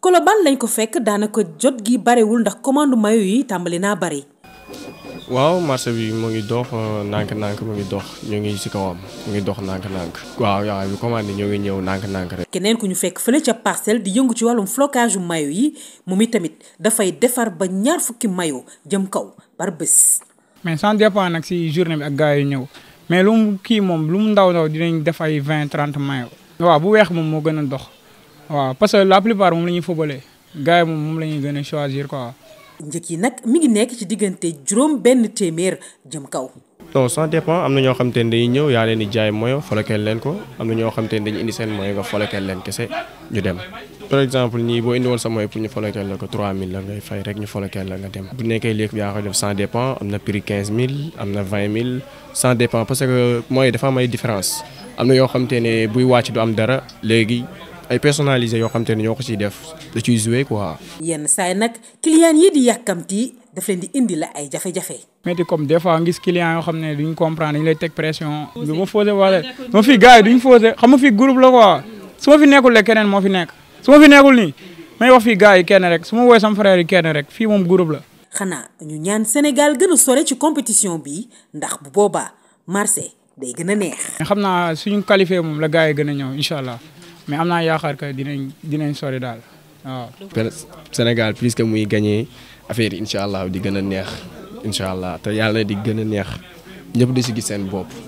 Colobane lañ ko fekk daanaka jot gi barewul ndax commande mayo yi tàmbali naa bari. waaw marché bi mu ngi dox nànk-nànk mu ngi dox ñu ngi ci kawam mu ngi dox nànk-nànk. waaw waaw bi commande ñoo ngi ñëw nànk-nànk rek. keneen ku ñu fekk fële ca parcelle di yëngu ci wàllum flocage yu mayo yi moom itamit dafay defar ba ñaar fukki mayo jëm kaw par bés. mais sans dépend nag ci journée bi ak gars yi ñëw mais lu mu kii moom lu mu ndaw ndaw dinañ def ay vingt trente maillots. waaw bu weex moom moo gën a dox waaw parce que la plupart moom la ñuy footballé gars yi moom moom la ñuy gën a choisir quoi. njëg yi nag mi ngi nekk ci diggante juróom benn téeméer jëm kaw. non ça dépend am na ñoo xam ne dañuy ñëw yaa leen di jaay moyo folekeel leen ko am na ñoo xam ne dañuy indi seen moyo nga folekeel leen kese ñu dem. par exemple ñii boo indiwoon sa moyo pour ñu folekeel la ko 3000 nga dem. bu nekkee léegi yaa ko def ça dépend am ça dépend parce que mooy dafa am ay différence am na yoo xam te buy wàcc du am dara léegi ay personnalisé yoo xam te ne ñoo ko ciy def da ciy joué quoi. yenn saay nag client yi di yàkkamti daf leen di indi la yoo xam ne duñ comprendre dañ lay teg pression. du fi gars yi duñ fausé xam nga fi groupe la quoi su ma fi nekkul rek keneen moo fi nekk su ma fi nekkul nii may wax fii gars yi kenn rek su ma woowee sama frère yi kenn rek fii moom groupe la. xanaa ñu ñaan Sénégal gën a sore ci compétition bi ndax bu boobaa marché day gën a neex. xam naa suñu qualifié moom la gars yi gën a ñëw incha allah mais am naa yaakaar que dinañ dinañ sori daal waaw. Sénégal plus que muy gagné affaire yi allah di gën a neex incha allah te yàlla di gën a neex ñëpp di si gis seen bopp.